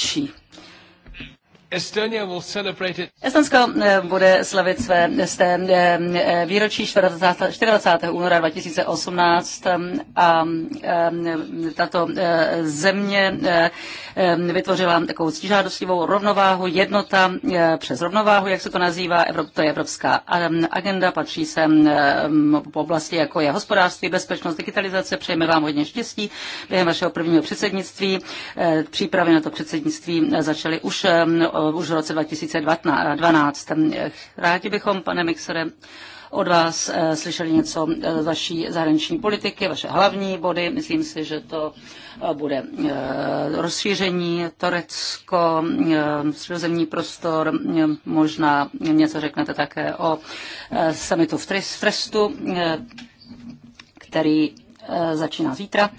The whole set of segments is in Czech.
stačí. Estonsko eh, bude slavit své eh, eh, výročí 24. února 2018 a tato země vytvořila takovou stížádostivou rovnováhu, jednota přes rovnováhu, jak se to nazývá, to je evropská agenda, patří sem po oblasti jako je hospodářství, bezpečnost, digitalizace. Přejeme vám hodně štěstí během vašeho prvního předsednictví. Přípravy na to předsednictví začaly už Eh, už v roce 2012. Rádi bychom, pane Mixere, od vás eh, slyšeli něco eh, z vaší zahraniční politiky, vaše hlavní body. Myslím si, že to bude rozšíření Torecko, středozemní prostor, možná něco řeknete také o summitu v Trestu, který začíná zítra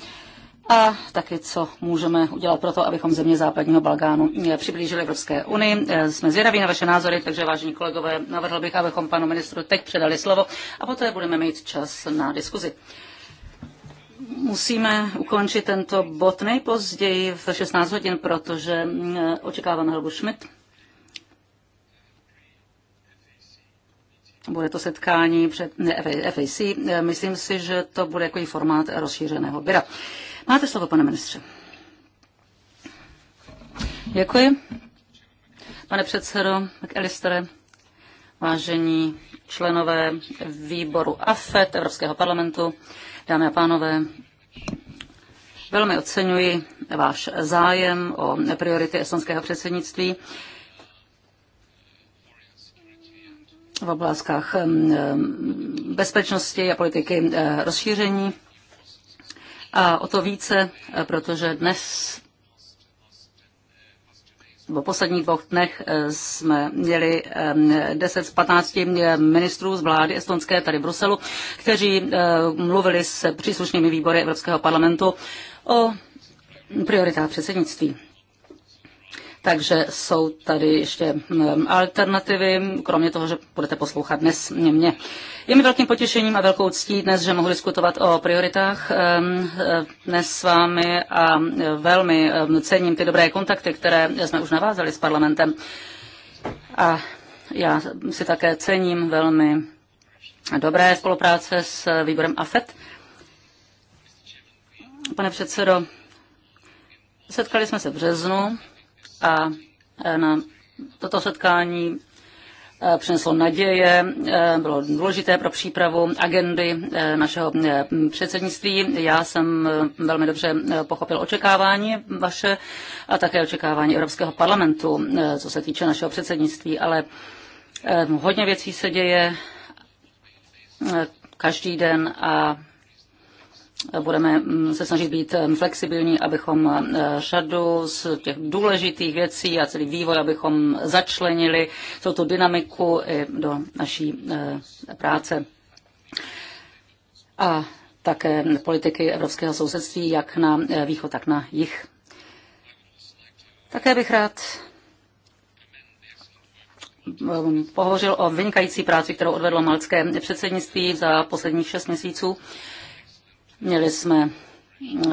a taky, co můžeme udělat pro to, abychom země západního Balkánu eh, přiblížili Evropské unii. Eh, jsme zvědaví na vaše názory, takže vážení kolegové, navrhl bych, abychom panu ministru teď předali slovo a poté budeme mít čas na diskuzi. Musíme ukončit tento bod nejpozději v 16 hodin, protože eh, očekávám Helgu Schmidt. Bude to setkání před FAC. Myslím si, že to bude jako formát rozšířeného byra. Máte slovo, pane ministře. Děkuji. Pane předsedo McAllistere, vážení členové výboru AFET Evropského parlamentu, dámy a pánové, velmi oceňuji váš zájem o priority estonského předsednictví. v oblastech bezpečnosti a politiky eh, rozšíření. A o to více, eh, protože dnes v posledních dvou dnech eh, jsme měli 10 eh, z 15 ministrů z vlády estonské tady v Bruselu, kteří mluvili s příslušnými výbory Evropského parlamentu o prioritách předsednictví. Takže jsou tady ještě mm, alternativy, kromě toho, že budete poslouchat dnes mě. Je mi velkým potěšením a velkou ctí dnes, že mohu diskutovat o prioritách eh, dnes s vámi a eh, velmi cením ty dobré kontakty, které jsme už navázali s parlamentem. A já si také cením velmi dobré spolupráce s výborem AFET. Pane předsedo, setkali jsme se v březnu a e, na toto setkání e, přineslo naděje, e, bylo důležité pro přípravu agendy našeho předsednictví. Já jsem velmi dobře pochopil očekávání vaše a také očekávání Evropského parlamentu, co se týče našeho předsednictví, ale hodně věcí se děje každý den a budeme mm, se snažit být mm, flexibilní, abychom eh, řadu z těch důležitých věcí a celý vývoj, abychom začlenili celou tu dynamiku i do naší eh, práce. A také politiky evropského sousedství, jak na eh, východ, tak na jih. Také bych rád mm, pohovořil o vynikající práci, kterou odvedlo malcké předsednictví za posledních šest měsíců. Měli jsme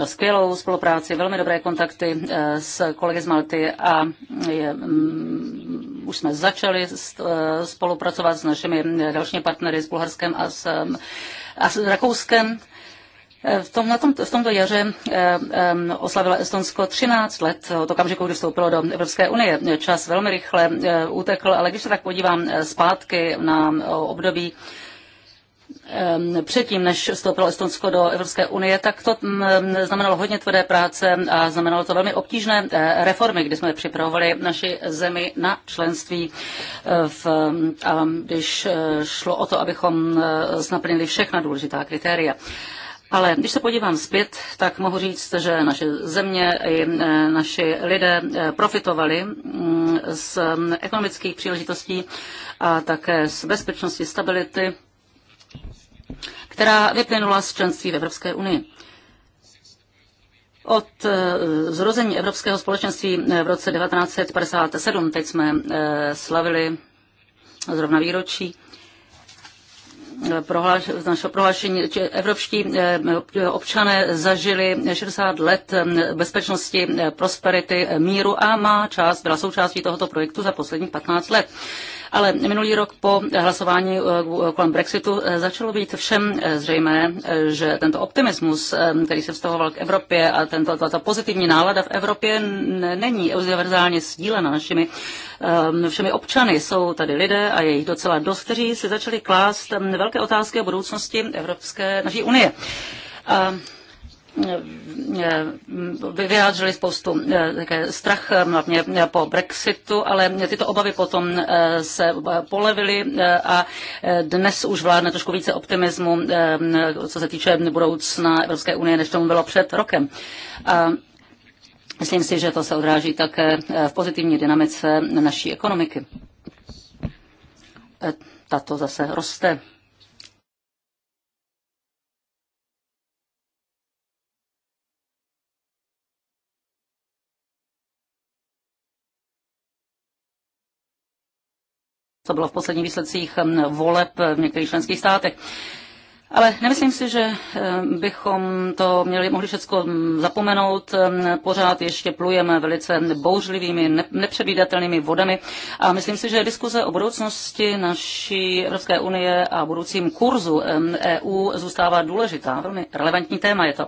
skvělou spolupráci, velmi dobré kontakty eh, s kolegy z Malty a je, mm, už jsme začali eh, spolupracovat s našimi eh, dalšími partnery, s Bulharskem a s, a s Rakouskem. V, tom, na tom, v tomto jaře oslavila Estonsko 13 let od okamžiku, kdy vstoupilo do Evropské unie. Čas velmi rychle utekl, ale když se tak podívám zpátky na období, předtím, než vstoupilo Estonsko do Evropské unie, tak to znamenalo hodně tvrdé práce a znamenalo to velmi obtížné eh, reformy, kdy jsme připravovali naši zemi na členství. Eh, v, a když eh, šlo o to, abychom naplnili všechna důležitá kritéria. Ale když se podívám zpět, tak mohu říct, že naše země i naši lidé profitovali mm, z mm, ekonomických příležitostí a také z bezpečnosti, stability která vyplynula z členství v Evropské unii. Od eh, zrození Evropského společenství v roce 1957, teď jsme eh, slavili zrovna výročí, eh, z našeho prohlášení, že evropští občané zažili 60 let bezpečnosti, prosperity, míru a má část byla součástí tohoto projektu za posledních 15 let. Ale minulý rok po hlasování eh, eh, kolem Brexitu eh, začalo být všem zřejmé, že tento optimismus, který se vztahoval k Evropě a tento, tato pozitivní nálada v Evropě není univerzálně sdílena našimi všemi občany. Jsou tady lidé a je jich docela dost, kteří si začali klást mm, velké otázky o budoucnosti Evropské naší unie vyjádřili spoustu eh, také strach, eh, hlavně eh, po Brexitu, ale tyto obavy potom se polevily a dnes už vládne trošku více optimismu, co se týče budoucna Evropské unie, než tomu bylo před rokem. A myslím si, že to se odráží také v pozitivní dynamice naší ekonomiky. Tato zase roste. co bylo v posledních výsledcích hm, voleb v některých členských státech. Ale nemyslím si, že hm, bychom to měli, mohli všechno hm, zapomenout. Pořád ještě plujeme velice bouřlivými, nepředvídatelnými vodami a myslím si, že diskuze o budoucnosti naší Evropské unie a budoucím kurzu EU zůstává důležitá. Velmi relevantní téma je to.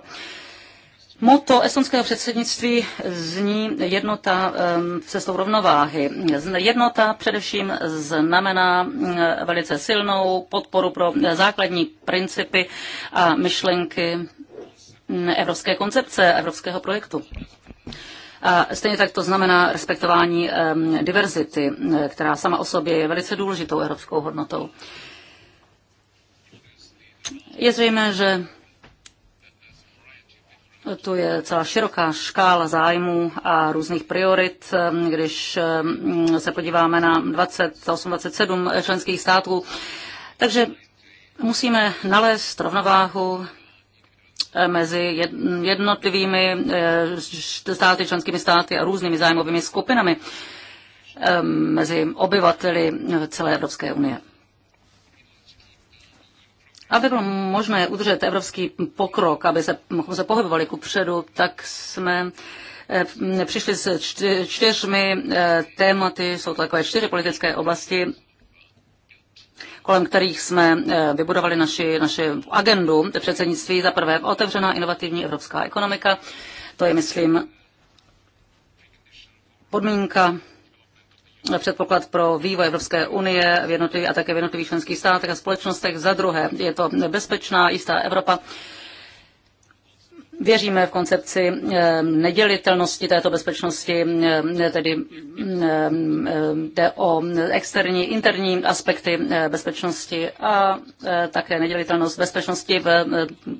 Moto estonského předsednictví zní jednota cestou rovnováhy. Jednota především znamená eh, velice silnou podporu pro eh, základní principy a myšlenky mm, evropské koncepce, evropského projektu. A stejně tak to znamená respektování diverzity, eh, která sama o sobě je velice důležitou evropskou hodnotou. Je zřejmé, že to je celá široká škála zájmů a různých priorit. Když mm, se podíváme na 28, 27 členských států, takže musíme nalézt rovnováhu eh, mezi jednotlivými eh, státy, členskými státy a různými zájmovými skupinami eh, mezi obyvateli celé Evropské unie. Aby bylo možné udržet evropský pokrok, aby se, se pohybovali ku předu, tak jsme eh, přišli s čtyřmi eh, tématy, jsou to takové čtyři politické oblasti, kolem kterých jsme eh, vybudovali naši, naši agendu předsednictví. Za prvé otevřená inovativní evropská ekonomika, to je, myslím, podmínka předpoklad pro vývoj Evropské unie v jednotlivých a také v jednotlivých členských státech a společnostech. Za druhé, je to bezpečná, jistá Evropa. Věříme v koncepci eh, nedělitelnosti této bezpečnosti, eh, tedy eh, jde o externí, interní aspekty bezpečnosti a také nedělitelnost bezpečnosti v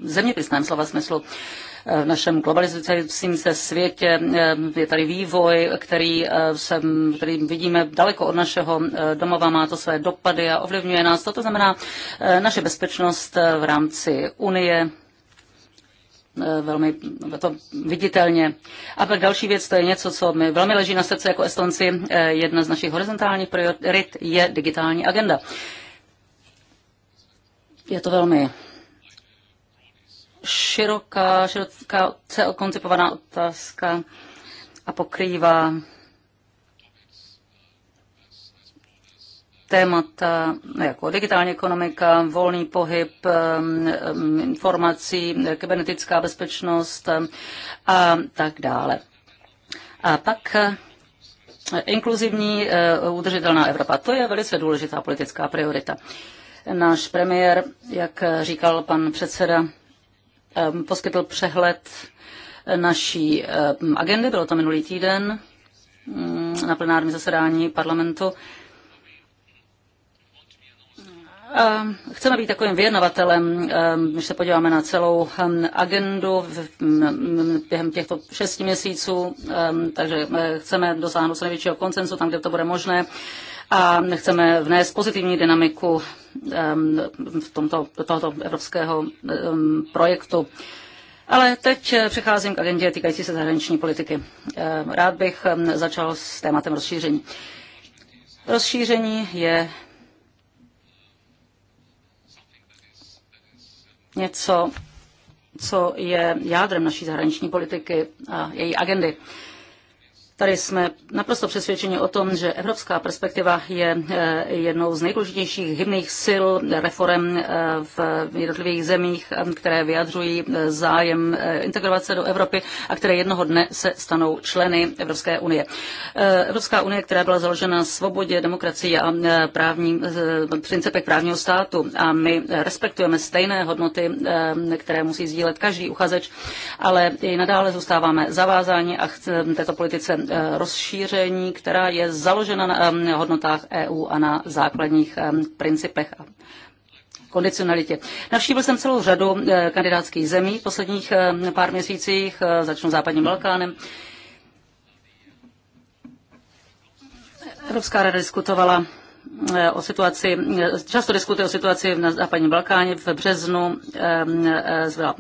zeměpisném slova smyslu v našem globalizujícím se světě. Eh, je tady vývoj, který, eh, se, který vidíme daleko od našeho eh, domova, má to své dopady a ovlivňuje nás. Toto znamená naše bezpečnost v rámci Unie, velmi to viditelně. A pak další věc, to je něco, co mi velmi leží na srdce jako Estonci. Jedna z našich horizontálních priorit je digitální agenda. Je to velmi široká, široká koncipovaná otázka a pokrývá témata jako digitální ekonomika, volný pohyb informací, kybernetická bezpečnost a tak dále. A pak eh, inkluzivní eh, udržitelná Evropa. To je velice důležitá politická priorita. Náš premiér, jak říkal pan předseda poskytl přehled naší agendy, bylo to minulý týden mm, na plenárním zasedání parlamentu. A chceme být takovým věnovatelem, když se podíváme na celou agendu během těchto šesti měsíců, takže eh, chceme dosáhnout co největšího koncensu tam, kde to bude možné a chceme vnést pozitivní dynamiku v tomto, do tohoto evropského projektu. Ale teď eh, přecházím k agendě týkající se zahraniční politiky. Rád bych začal s tématem rozšíření. Rozšíření je něco, co je jádrem naší zahraniční politiky a její agendy. Tady jsme naprosto přesvědčeni o tom, že evropská perspektiva je eh, jednou z nejdůležitějších hybných sil reform eh, v jednotlivých zemích, eh, které vyjadřují zájem integrovat se do Evropy a které jednoho dne se stanou členy Evropské unie. Evropská unie, která byla založena na svobodě, demokracii a právním, principech právního státu a my respektujeme stejné hodnoty, které musí sdílet každý uchazeč, ale i nadále zůstáváme zavázáni a této politice Eh, rozšíření, která je založena na hodnotách EU a na základních principech kondicionalitě. Navštívil jsem celou řadu eh, kandidátských zemí v posledních pár měsících, eh, začnu západním Balkánem. Evropská rada diskutovala o situaci, často diskutuje o situaci na západním Balkáně. V březnu byla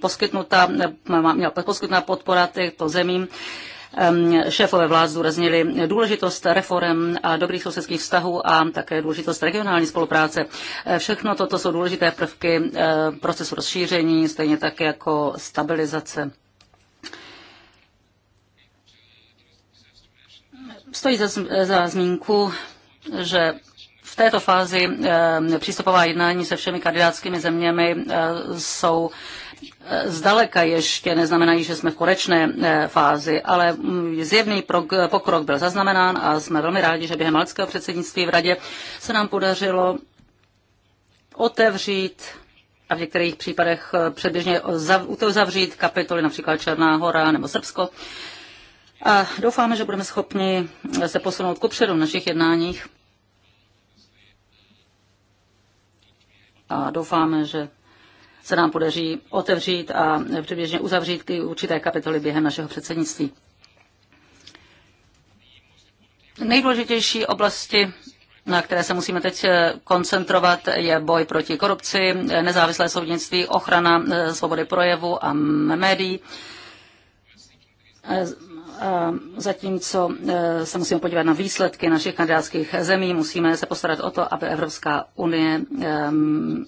poskytnuta, měla poskytnuta podpora těchto zemím Šéfové vlád zdůraznili důležitost reform a dobrých sousedských vztahů a také důležitost regionální spolupráce. Eh, všechno toto jsou důležité prvky eh, procesu rozšíření, stejně tak jako stabilizace. Stojí za, za zmínku, že v této fázi eh, přístupová jednání se všemi kandidátskými zeměmi jsou zdaleka ještě neznamenají, že jsme v konečné eh, fázi, ale mm, zjevný pokrok byl zaznamenán a jsme velmi rádi, že během malického předsednictví v radě se nám podařilo otevřít a v některých případech eh, předběžně uzavřít kapitoly, například Černá hora nebo Srbsko. A doufáme, že budeme schopni eh, se posunout kupředu v našich jednáních. A doufáme, že se nám podaří otevřít a přibližně uzavřít určité kapitoly během našeho předsednictví. Nejdůležitější oblasti na které se musíme teď eh, koncentrovat, je boj proti korupci, nezávislé soudnictví, ochrana eh, svobody projevu a médií. Eh, Eh, zatímco eh, se musíme podívat na výsledky našich kandidátských zemí, musíme se postarat o to, aby Evropská unie ehm,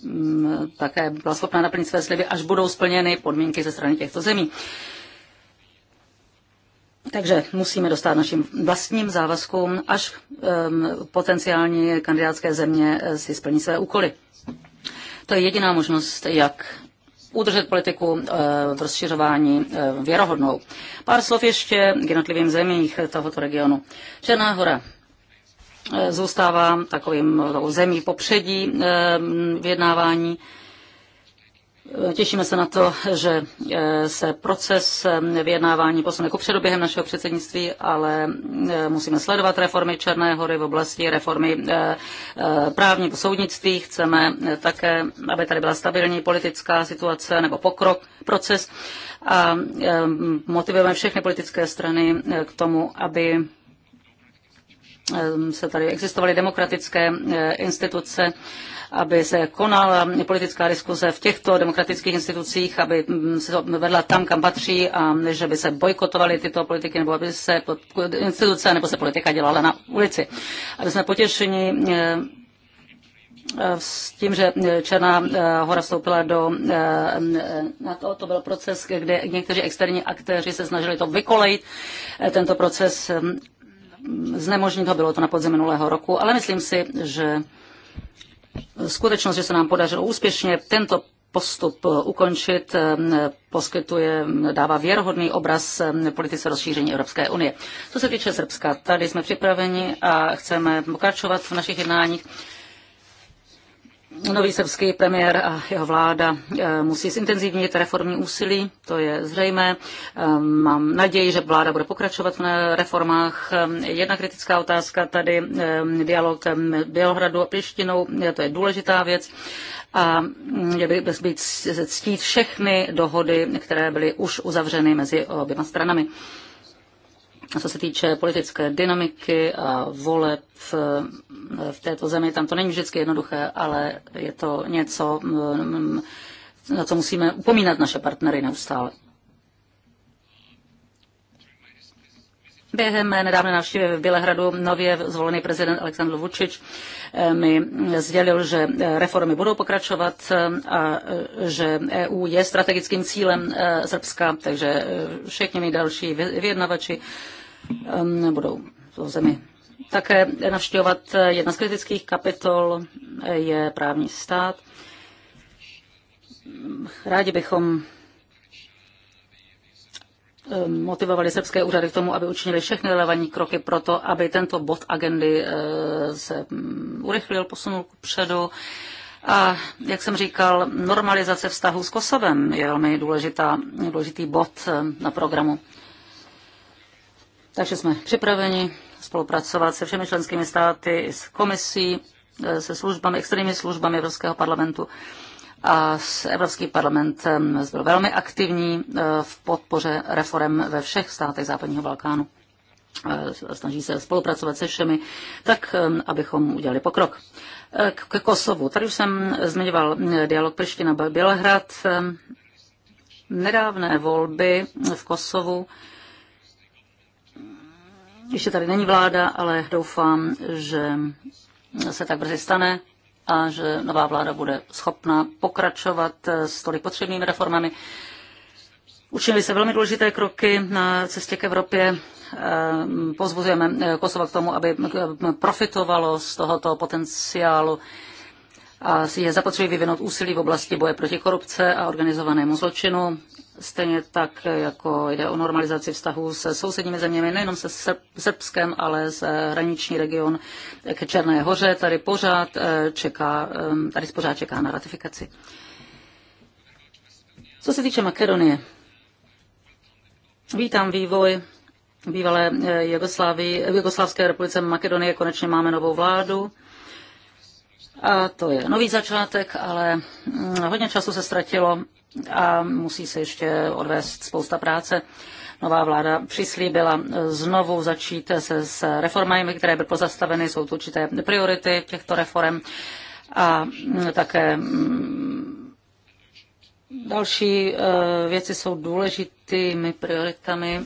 mm, také byla schopná naplnit své sliby, až budou splněny podmínky ze strany těchto zemí. Takže musíme dostat našim vlastním závazkům, až ehm, potenciální kandidátské země eh, si splní své úkoly. To je jediná možnost, jak udržet politiku eh, v rozšiřování eh, věrohodnou. Pár slov ještě k jednotlivým zemích tohoto regionu. Černá hora eh, zůstává takovým zemí popředí vyjednávání. Těšíme se na to, že eh, se proces eh, vyjednávání posune kupředu během našeho předsednictví, ale eh, musíme sledovat reformy Černé hory v oblasti reformy právní soudnictví. Chceme také, aby tady byla stabilní politická situace nebo pokrok, proces a motivujeme všechny politické strany k tomu, aby se tady existovaly demokratické instituce aby se konala politická diskuse v těchto demokratických institucích, aby mm, se to vedla tam, kam patří a než aby se bojkotovaly tyto politiky nebo aby se instituce nebo se politika dělala na ulici. Aby jsme potěšeni eh, s tím, že Černá eh, hora vstoupila do NATO, eh, to byl proces, kde někteří externí aktéři se snažili to vykolejit, tento proces znemožnit ho, bylo to na podzim minulého roku, ale myslím si, že Skutečnost, že se nám podařilo úspěšně tento postup eh, ukončit, eh, poskytuje, dává věrohodný obraz eh, politice rozšíření Evropské unie. Co se týče Srbska, tady jsme připraveni a chceme pokračovat v našich jednáních Nový srbský premiér a jeho vláda eh, musí zintenzivnit reformní úsilí, to je zřejmé. Eh, mám naději, že vláda bude pokračovat v reformách. Eh, jedna kritická otázka tady, dialog Bělohradu a Prištinou, to je důležitá věc. A měl mm, by být ctít všechny dohody, které byly už uzavřeny mezi oběma stranami co se týče politické dynamiky a voleb v, v této zemi, tam to není vždycky jednoduché, ale je to něco, na co musíme upomínat naše partnery neustále. Během nedávné návštěvy v Bělehradu nově zvolený prezident Aleksandr Vučič eh, mi sdělil, že reformy budou pokračovat eh, a eh, že EU je strategickým cílem Srbska, takže všichni mi další vyjednavači budou to zemi také navštěvovat. Jedna z kritických kapitol je právní stát. Rádi bychom motivovali srbské úřady k tomu, aby učinili všechny relevantní kroky pro to, aby tento bod agendy eh, se mm, urychlil, posunul kupředu. A jak jsem říkal, normalizace vztahu s Kosovem je velmi důležitá, důležitý bod na programu. Takže jsme připraveni spolupracovat se všemi členskými státy, s komisí, e, se službami, externími službami Evropského parlamentu. A s Evropský parlament byl velmi aktivní e, v podpoře reform ve všech státech západního Balkánu. E, snaží se spolupracovat se všemi, tak abychom udělali pokrok. K Kosovu. Tady už jsem zmiňoval dialog Priština Bělehrad. Nedávné volby v Kosovu ještě tady není vláda, ale doufám, že se tak brzy stane a že nová vláda bude schopna pokračovat s tolik potřebnými reformami. Učinili se velmi důležité kroky na cestě k Evropě. Ehm, pozbuzujeme Kosovo k tomu, aby profitovalo z tohoto potenciálu a je zapotřebí vyvinout úsilí v oblasti boje proti korupce a organizovanému zločinu stejně tak jako jde o normalizaci vztahů se sousedními zeměmi, nejenom se Srbskem, ale z hraniční region k Černé hoře. Tady pořád eh, čeká, tady pořád čeká na ratifikaci. Co se týče Makedonie, vítám vývoj bývalé eh, Jugoslávské republice Makedonie. Konečně máme novou vládu. A to je nový začátek, ale mm, hodně času se ztratilo a musí se ještě odvést spousta práce. Nová vláda přislíbila znovu začít se s reformami, které byly pozastaveny, jsou to určité priority těchto reform a také mm, další eh, věci jsou důležitými prioritami.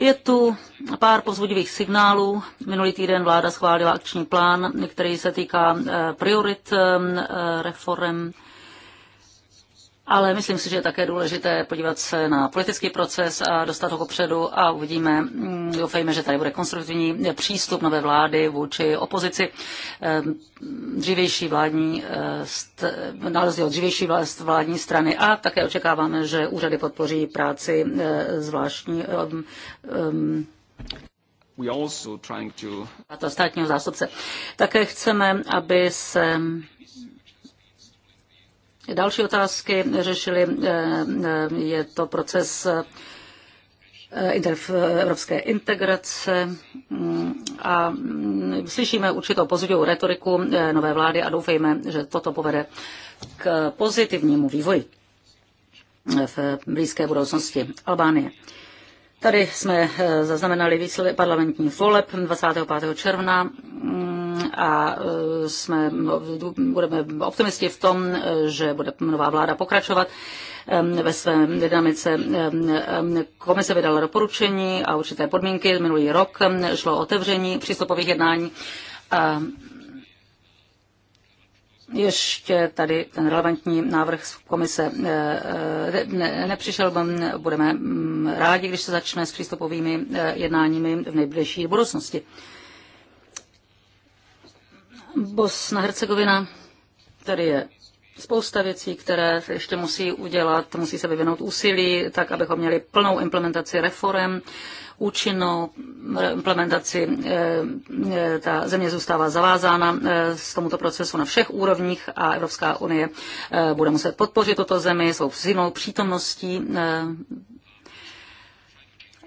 Je tu pár povzbudivých signálů. Minulý týden vláda schválila akční plán, který se týká eh, priorit eh, reform ale myslím si, že je také důležité podívat se na politický proces a dostat ho kopředu a uvidíme, mm, doufejme, že tady bude konstruktivní přístup nové vlády vůči opozici. Ehm, dřívější vládní, eh, nálezí od dřívější vládní strany a také očekáváme, že úřady podpoří práci eh, zvláštní ehm, ehm, to státního zástupce. Také chceme, aby se Další otázky řešili, eh, eh, je to proces eh, evropské integrace mm, a mm, slyšíme určitou pozitivou retoriku nové vlády a doufejme, že toto povede k pozitivnímu vývoji v blízké budoucnosti Albánie. Tady jsme zaznamenali výsledek parlamentních voleb 25. června. Mm, a e, jsme, no, budeme optimisti v tom, e, že bude nová vláda pokračovat e, ve své dynamice. Komise vydala doporučení a určité podmínky. Minulý rok šlo o otevření přístupových jednání. A ještě tady ten relevantní návrh z komise nepřišel, budeme mm, rádi, když se začne s přístupovými jednáními v nejbližší budoucnosti. Bosna Hercegovina, tady je spousta věcí, které se ještě musí udělat, musí se vyvinout úsilí, tak abychom měli plnou implementaci reform, účinnou implementaci. Eh, eh, ta země zůstává zavázána z eh, tomuto procesu na všech úrovních a Evropská unie bude muset podpořit toto zemi svou silnou přítomností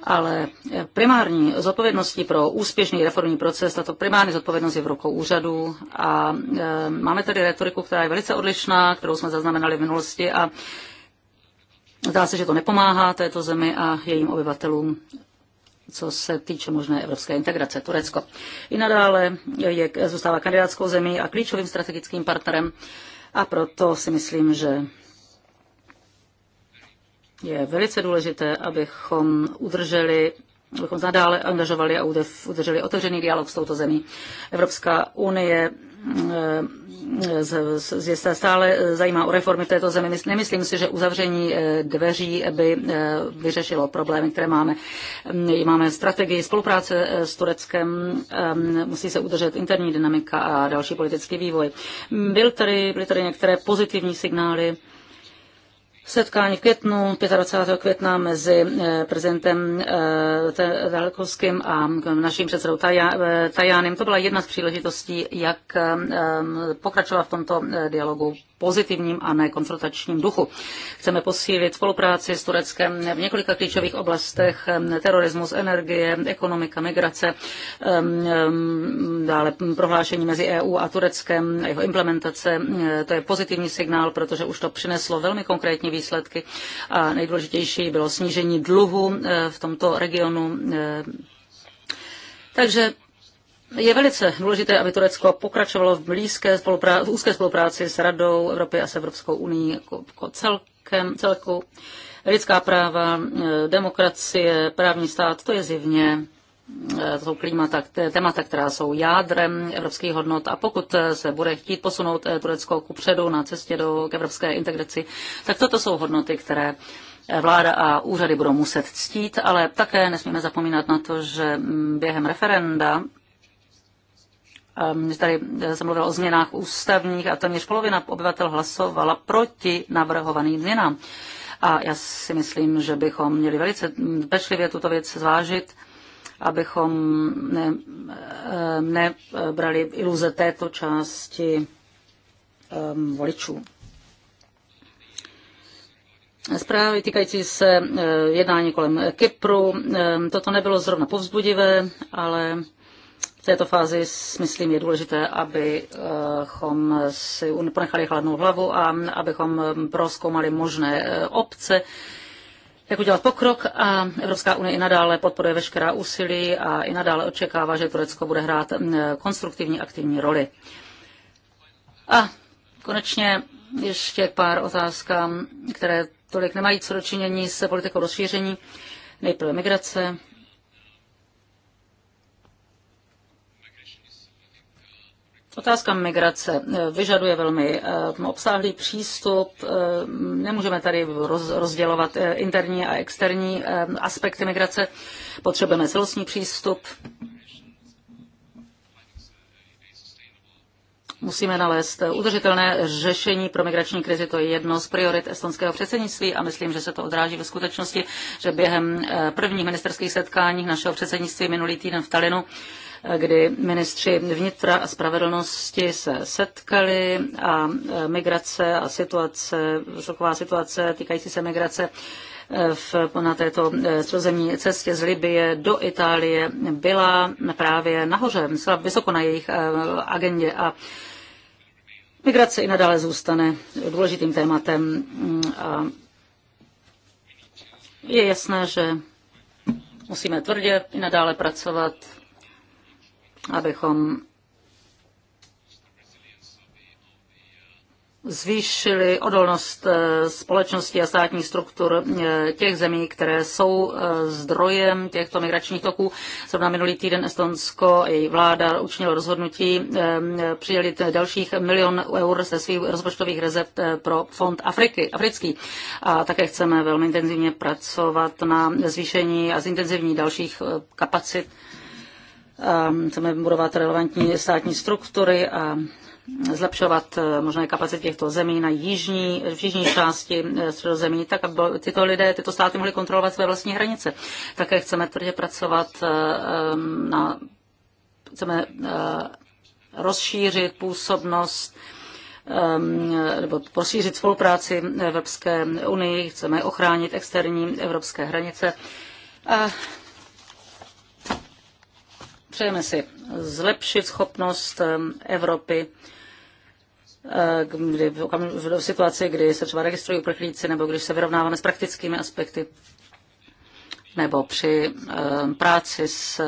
ale primární zodpovědností pro úspěšný reformní proces, tato primární zodpovědnost je v rukou úřadu a e, máme tady retoriku, která je velice odlišná, kterou jsme zaznamenali v minulosti a zdá se, že to nepomáhá této zemi a jejím obyvatelům co se týče možné evropské integrace. Turecko i nadále je, zůstává kandidátskou zemí a klíčovým strategickým partnerem a proto si myslím, že je velice důležité, abychom udrželi abychom nadále angažovali a udrželi otevřený dialog s touto zemí. Evropská unie je eh, stále zajímá o reformy v této zemi. Nemyslím si, že uzavření eh, dveří by eh, vyřešilo problémy, které máme. Mm, máme strategii spolupráce s Tureckem, musí se udržet interní dynamika a další politický vývoj. Byl tady, byly tady některé pozitivní signály setkání v květnu, 25. května mezi eh, prezidentem Velkovským eh, a naším předsedou eh, Tajánem. To byla jedna z příležitostí, jak pokračovat v tomto dialogu pozitivním a nekonfrontačním duchu. Chceme posílit spolupráci s Tureckem v několika klíčových oblastech terorismus, energie, ekonomika, migrace, dále prohlášení mezi EU a Tureckem, jeho implementace. To je pozitivní signál, protože už to přineslo velmi konkrétní výsledky. A nejdůležitější bylo snížení dluhu eh, v tomto regionu. Eh, takže je velice důležité, aby Turecko pokračovalo v, blízké spolupráci, v úzké spolupráci s Radou Evropy a s Evropskou unii jako, jako celkem, celku. Lidská práva, eh, demokracie, právní stát, to je zjevně Eh, jsou klimata, témata, která jsou jádrem evropských hodnot a pokud se bude chtít posunout eh, Turecko ku předu na cestě do, k evropské integraci, tak toto jsou hodnoty, které eh, vláda a úřady budou muset ctít, ale také nesmíme zapomínat na to, že mm, během referenda ehm, Tady jsem mluvil o změnách ústavních a téměř polovina obyvatel hlasovala proti navrhovaným změnám. A já si myslím, že bychom měli velice mm, pečlivě tuto věc zvážit abychom eh, nebrali ne iluze této části ehm, voličů. Zprávy týkající se eh, jednání kolem Kypru. Ehm, toto nebylo zrovna povzbudivé, ale v této fázi myslím je důležité, abychom si ponechali chladnou hlavu a abychom ehm, proskoumali možné eh, obce jak udělat pokrok a Evropská unie i nadále podporuje veškerá úsilí a i nadále očekává, že Turecko bude hrát konstruktivní aktivní roli. A konečně ještě pár otázkám, které tolik nemají co dočinění s politikou rozšíření. Nejprve migrace. Otázka migrace eh, vyžaduje velmi eh, obsáhlý přístup. Eh, nemůžeme tady rozdělovat interní a externí aspekty migrace. Potřebujeme celostní přístup. Musíme nalézt udržitelné řešení pro migrační krizi. To je jedno z priorit estonského předsednictví a myslím, že se to odráží ve skutečnosti, že během prvních ministerských setkání našeho předsednictví minulý týden v Talinu kdy ministři vnitra a spravedlnosti se setkali a e, migrace a situace, šoková situace týkající se migrace e, v, na této e, středozemní cestě z Libie do Itálie byla právě nahoře, vysoko na jejich agendě a Migrace i nadále zůstane důležitým tématem mm, a je jasné, že musíme tvrdě i nadále pracovat abychom zvýšili odolnost eh, společnosti a státních struktur eh, těch zemí, které jsou eh, zdrojem těchto migračních toků. Zrovna minulý týden Estonsko a její vláda učinilo rozhodnutí přidělit dalších milion eur ze svých rozpočtových rezerv pro fond Afriky, africký. A také chceme velmi intenzivně pracovat na zvýšení a zintenzivní dalších kapacit a um, chceme budovat relevantní státní struktury a zlepšovat eh, možné kapacity těchto zemí na jižní, v jižní části eh, středozemí, tak aby tyto lidé, tyto státy mohly kontrolovat své vlastní hranice. Také chceme tvrdě pracovat eh, na, chceme rozšířit působnost nebo rozšířit spolupráci v Evropské unii, chceme ochránit externí evropské hranice. A Přejeme si zlepšit schopnost Evropy kdy, v situaci, kdy se třeba registrují uprchlíci nebo když se vyrovnáváme s praktickými aspekty nebo při práci s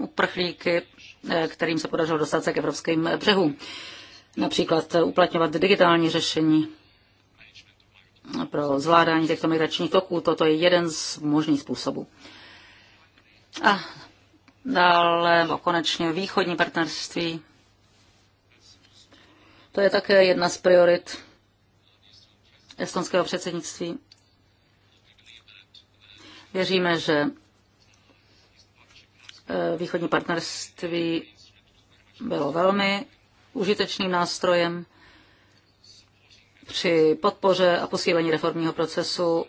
uprchlíky, e, kterým se podařilo dostat se k evropským břehům. Například uplatňovat digitální řešení pro zvládání těchto migračních toků. Toto je jeden z možných způsobů. A Dále konečně východní partnerství. To je také jedna z priorit estonského předsednictví. Věříme, že eh, východní partnerství bylo velmi užitečným nástrojem při podpoře a posílení reformního procesu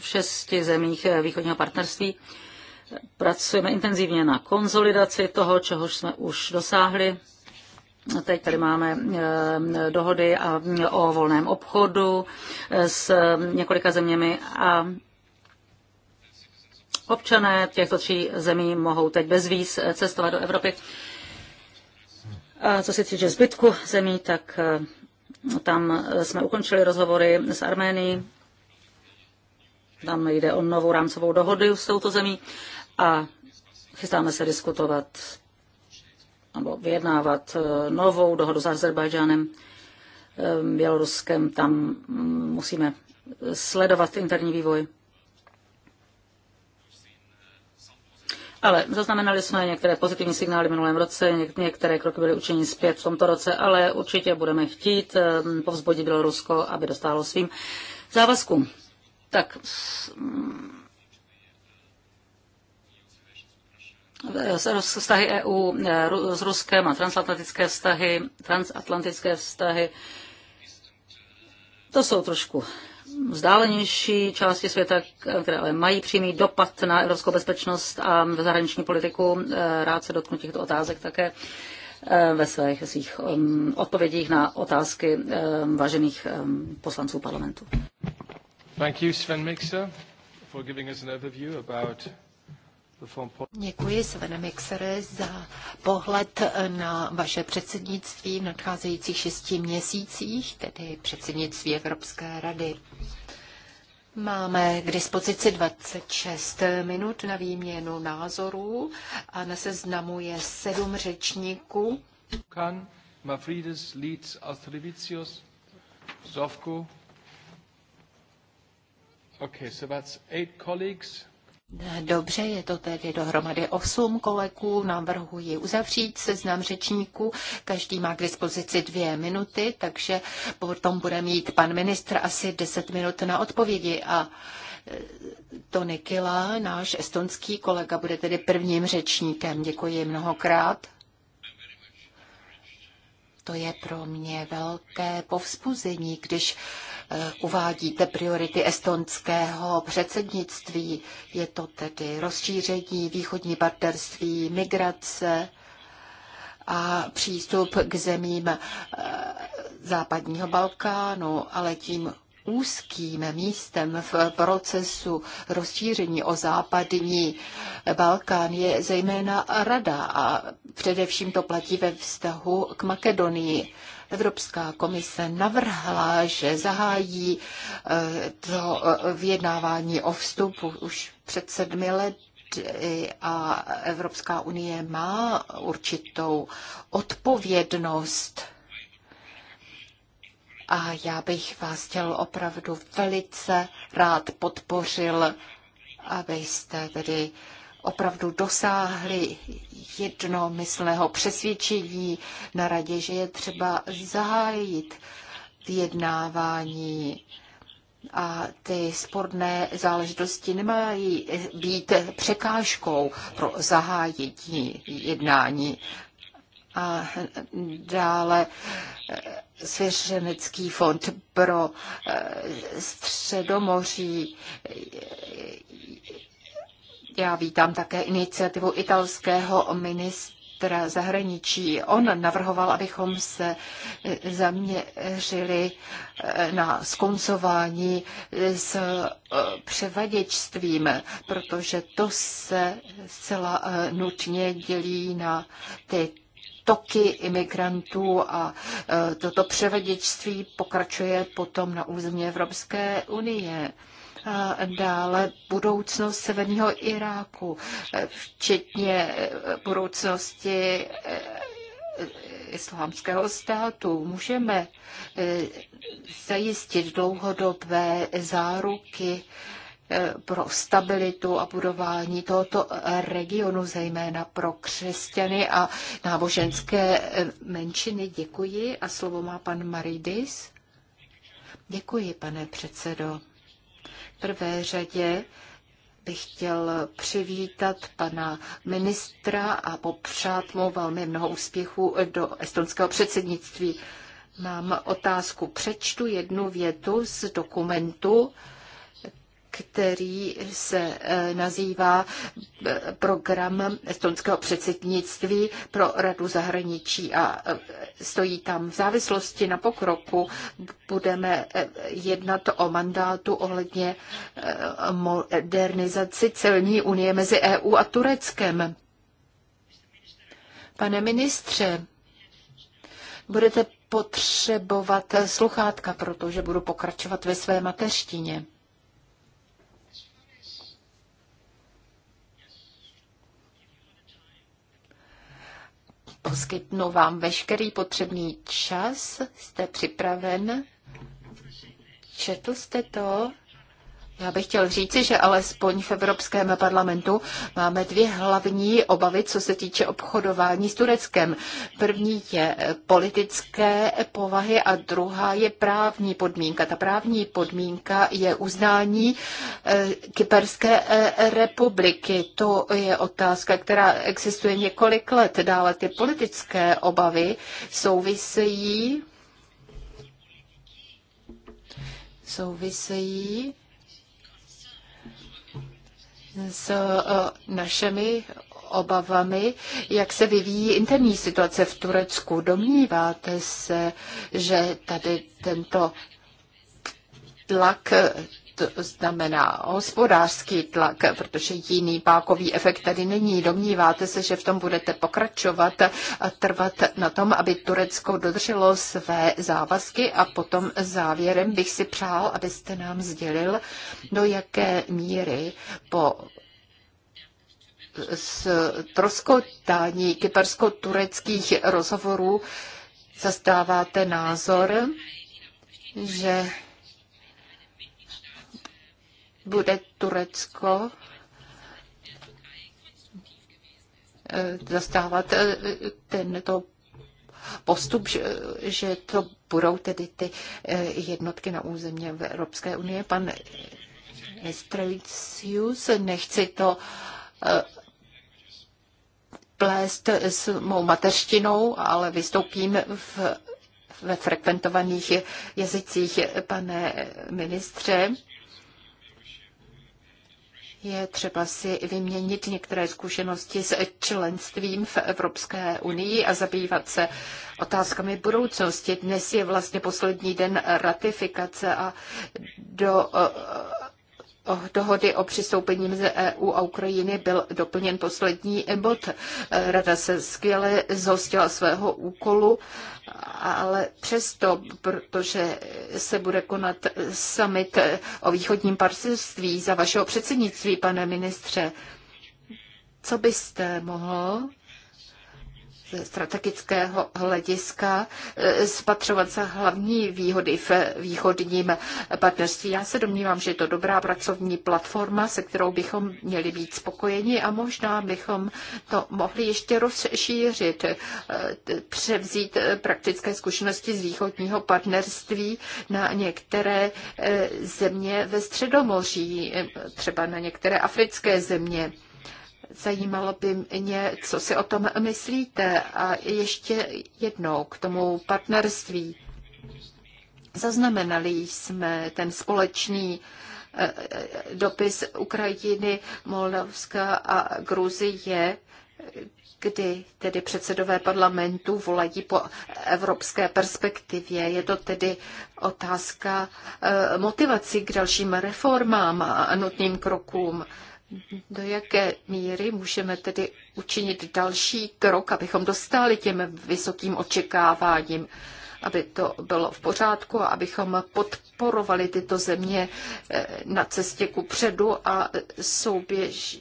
v šesti zemích eh, východního partnerství. Pracujeme intenzivně na konzolidaci toho, čehož jsme už dosáhli. Teď tady máme e, dohody o volném obchodu e, s několika zeměmi a občané těchto tří zemí mohou teď bez víz e, cestovat do Evropy. A co se týče zbytku zemí, tak tam jsme ukončili rozhovory s Arménií. Tam jde o novou rámcovou dohodu s touto zemí a chystáme se diskutovat nebo vyjednávat eh, novou dohodu s Azerbajdžánem, eh, Běloruskem. Tam mm, musíme sledovat interní vývoj. Ale zaznamenali jsme některé pozitivní signály v minulém roce, některé kroky byly učiněny zpět v tomto roce, ale určitě budeme chtít eh, povzbudit Bělorusko, aby dostalo svým závazkům. Tak vztahy EU e, s Ruskem a transatlantické vztahy, transatlantické vztahy, to jsou trošku vzdálenější části světa, které ale mají přímý dopad na evropskou bezpečnost a zahraniční politiku. E, rád se dotknu těchto otázek také e, ve svých, svých um, odpovědích na otázky um, vážených um, poslanců parlamentu. Thank you, Sven Mixer, for giving us an overview about Děkuji, Svene Mixere, za pohled na vaše předsednictví v nadcházejících šesti měsících, tedy předsednictví Evropské rady. Máme k dispozici 26 minut na výměnu názorů a na seznamu je sedm řečníků. Kan, Mafridis, Leeds, Astrivicius, Zovku. Okay, so that's eight colleagues. Dobře, je to tedy dohromady osm kolegů. Navrhuji uzavřít seznam řečníků. Každý má k dispozici dvě minuty, takže potom bude mít pan ministr asi deset minut na odpovědi. A e, Tony Kila, náš estonský kolega, bude tedy prvním řečníkem. Děkuji mnohokrát to je pro mě velké povzbuzení, když eh, uvádíte priority estonského předsednictví. Je to tedy rozšíření východní partnerství, migrace a přístup k zemím eh, západního Balkánu, ale tím úzkým místem v procesu rozšíření o západní Balkán je zejména Rada a především to platí ve vztahu k Makedonii. Evropská komise navrhla, že zahájí eh, to eh, vyjednávání o vstupu už před sedmi let a Evropská unie má určitou odpovědnost a já bych vás chtěl opravdu velice rád podpořil, abyste tedy opravdu dosáhli jednomyslného přesvědčení na radě, že je třeba zahájit vyjednávání a ty sporné záležitosti nemají být překážkou pro zahájení jednání a dále eh, Svěřenecký fond pro eh, středomoří. Já vítám také iniciativu italského ministra zahraničí. On navrhoval, abychom se eh, zaměřili na skoncování s převaděčstvím, protože to se zcela nutně dělí na ty toky imigrantů a e, toto převaděčství pokračuje potom na území Evropské unie. Dále budoucnost severního Iráku, e, včetně e, budoucnosti islámského státu. Můžeme zajistit dlouhodobé záruky Eh, pro stabilitu a budování tohoto regionu, zejména pro křesťany a náboženské eh, menšiny. Děkuji a slovo má pan Maridis. Děkuji, pane předsedo. V prvé řadě bych chtěl přivítat pana ministra a popřát mu velmi mnoho úspěchů do estonského předsednictví. Mám otázku. Přečtu jednu větu z dokumentu, který se eh, nazývá eh, program estonského předsednictví pro radu zahraničí a eh, stojí tam v závislosti na pokroku. Budeme jednat o mandátu ohledně modernizaci celní unie mezi EU a Tureckem. Pane ministře, budete potřebovat sluchátka, protože budu pokračovat ve své mateřtině. Poskytnu vám veškerý potřebný čas. Jste připraven? Četl jste to? Já bych chtěl říci, že alespoň v Evropském parlamentu máme dvě hlavní obavy, co se týče obchodování s Tureckem. První je politické povahy a druhá je právní podmínka. Ta právní podmínka je uznání eh, Kyperské eh, republiky. To je otázka, která existuje několik let. Dále ty politické obavy souvisejí souvisejí s e, našemi obavami, jak se vyvíjí interní situace v Turecku. Domníváte se, že tady tento tlak to znamená hospodářský tlak, protože jiný pákový efekt tady není. Domníváte se, že v tom budete pokračovat a trvat na tom, aby Turecko dodrželo své závazky a potom závěrem bych si přál, abyste nám sdělil, do jaké míry po z troskotání kypersko-tureckých rozhovorů zastáváte názor, že bude Turecko eh, zastávat eh, tento postup, že to budou tedy ty eh, jednotky na území Evropské unie. Pan Estrelicius, nechci to plést s mou mateřštinou, ale vystoupím v, ve frekventovaných jazycích, pane ministře. Je třeba si vyměnit některé zkušenosti s členstvím v Evropské unii a zabývat se otázkami budoucnosti. Dnes je vlastně poslední den ratifikace a do eh, dohody o přistoupení mezi EU a Ukrajiny byl doplněn poslední bod. Rada se skvěle zhostila svého úkolu, ale přesto, protože se bude konat summit o východním partnerství za vašeho předsednictví, pane ministře, co byste mohl strategického hlediska eh, spatřovat za hlavní výhody v východním partnerství. Já se domnívám, že je to dobrá pracovní platforma, se kterou bychom měli být spokojeni a možná bychom to mohli ještě rozšířit, eh, převzít eh, praktické zkušenosti z východního partnerství na některé země ve Středomoří, třeba na některé africké země Zajímalo by mě, co si o tom myslíte. A ještě jednou k tomu partnerství. Zaznamenali jsme ten společný eh, eh, dopis Ukrajiny, Moldavska a Gruzie, kdy tedy předsedové parlamentu volají po evropské perspektivě. Je to tedy otázka eh, motivací k dalším reformám a nutným krokům. Do jaké míry můžeme tedy učinit další krok, abychom dostali těm vysokým očekáváním, aby to bylo v pořádku a abychom podporovali tyto země eh, na cestě ku předu a souběžně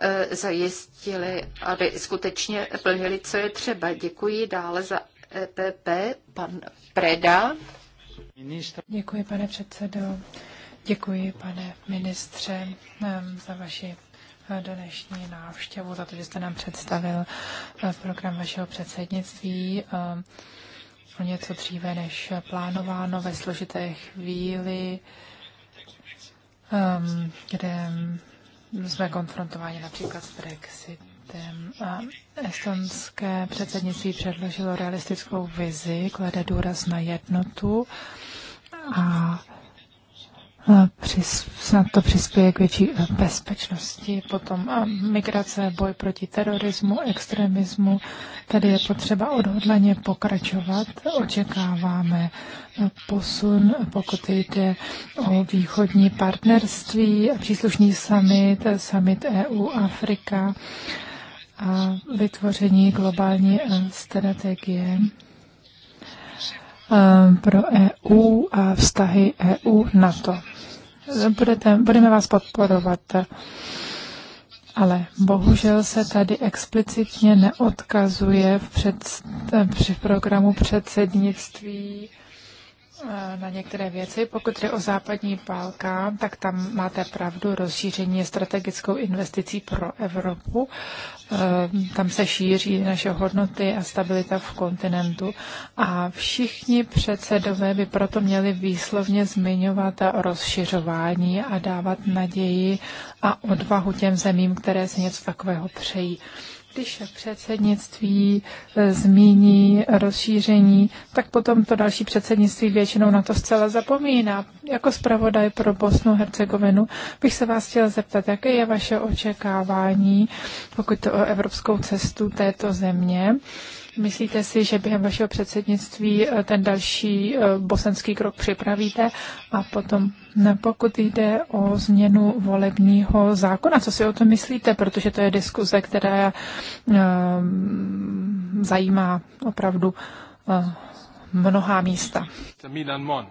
eh, zajistili, aby skutečně plnili, co je třeba. Děkuji dále za EPP, pan Preda. Děkuji, pane předsedo. Děkuji, pane ministře, za vaši eh, dnešní návštěvu, za to, že jste nám představil eh, program vašeho předsednictví o něco dříve než plánováno ve složité chvíli, kde jsme konfrontováni například s Brexitem. A estonské předsednictví předložilo realistickou vizi, klade důraz na jednotu a snad to přispěje k větší eh, bezpečnosti, potom eh, migrace, boj proti terorismu, extremismu. Tady je potřeba odhodlaně pokračovat. Očekáváme eh, posun, pokud jde o východní partnerství, příslušný summit, summit EU-Afrika a vytvoření globální strategie Eh, pro EU a vztahy EU-NATO. Budete, budeme vás podporovat, ale bohužel se tady explicitně neodkazuje v před, eh, při programu předsednictví Eh, na některé věci. Pokud jde o západní Balkán, tak tam máte pravdu, rozšíření je strategickou investicí pro Evropu. Eh, tam se šíří naše hodnoty a stabilita v kontinentu. A všichni předsedové by proto měli výslovně zmiňovat a rozšiřování a dávat naději a odvahu těm zemím, které si něco takového přejí. Když předsednictví eh, zmíní rozšíření, tak potom to další předsednictví většinou na to zcela zapomíná. Jako zpravodaj pro Bosnu Hercegovinu bych se vás chtěl zeptat, jaké je vaše očekávání, pokud to o evropskou cestu této země Myslíte si, že během vašeho předsednictví eh, ten další eh, bosenský krok připravíte? A potom, pokud jde o změnu volebního zákona, co si o tom myslíte? Protože to je diskuze, která eh, zajímá opravdu mnohá místa. Milan Mon.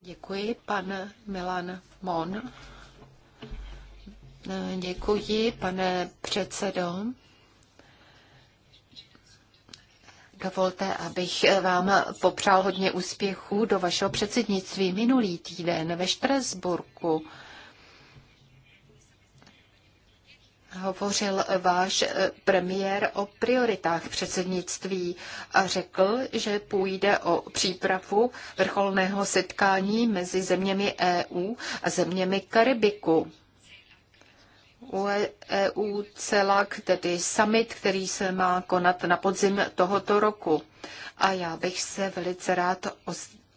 Děkuji, pan Milan Mon. Děkuji, pane předsedo. Dovolte, abych vám popřál hodně úspěchů do vašeho předsednictví minulý týden ve Štrasburku. Hovořil váš premiér o prioritách předsednictví a řekl, že půjde o přípravu vrcholného setkání mezi zeměmi EU a zeměmi Karibiku. EU e celak tedy summit, který se má konat na podzim tohoto roku. A já bych se velice rád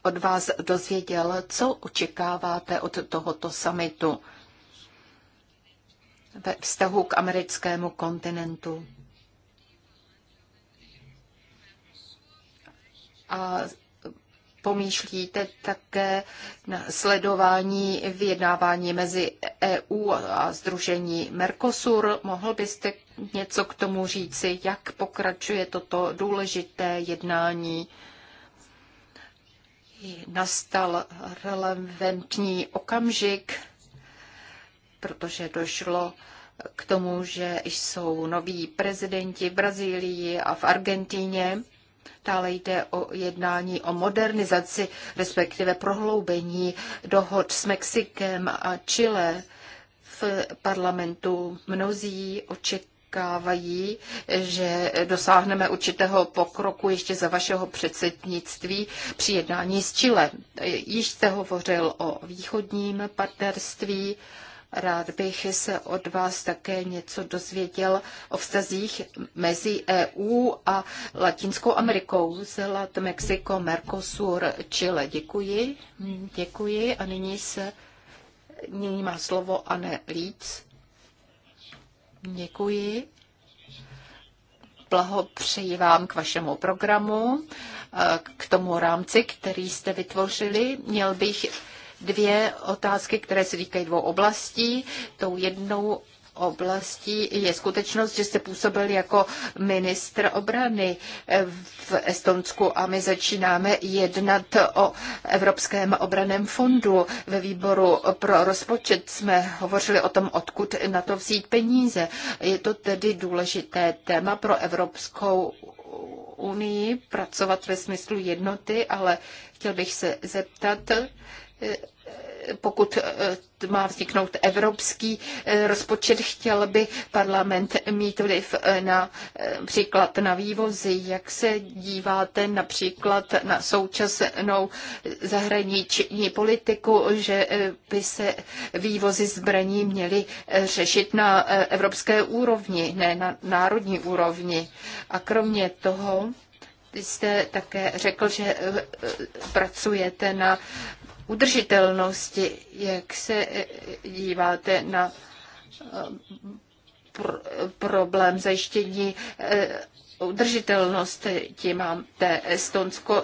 od vás dozvěděl, co očekáváte od tohoto summitu ve vztahu k americkému kontinentu. A pomýšlíte také na sledování vyjednávání mezi EU a Združení Mercosur. Mohl byste něco k tomu říci, jak pokračuje toto důležité jednání? Nastal relevantní okamžik, protože došlo k tomu, že jsou noví prezidenti v Brazílii a v Argentíně stále jde o jednání o modernizaci, respektive prohloubení dohod s Mexikem a Chile. V parlamentu mnozí očekávají, že dosáhneme určitého pokroku ještě za vašeho předsednictví při jednání s Chile. Již jste hovořil o východním partnerství Rád bych se od vás také něco dozvěděl o vztazích mezi EU a Latinskou Amerikou, Zelat, Mexiko, Mercosur, Chile. Děkuji. Děkuji a nyní se nyní má slovo Anne Líc. Děkuji. Blahopřeji vám k vašemu programu, k tomu rámci, který jste vytvořili. Měl bych dvě otázky, které se týkají dvou oblastí. Tou jednou oblastí je skutečnost, že jste působil jako ministr obrany v Estonsku a my začínáme jednat o Evropském obraném fondu. Ve výboru pro rozpočet jsme hovořili o tom, odkud na to vzít peníze. Je to tedy důležité téma pro Evropskou unii pracovat ve smyslu jednoty, ale chtěl bych se zeptat, pokud eh, má vzniknout evropský eh, rozpočet, chtěl by parlament mít vliv eh, na příklad na vývozy. Jak se díváte například na současnou zahraniční politiku, že by se vývozy zbraní měly řešit na evropské úrovni, ne na národní úrovni. A kromě toho, jste také řekl, že pracujete na udržitelnosti. Jak se eh, díváte na eh, pr- problém zajištění eh, udržitelnosti? Tím mám té Estonsko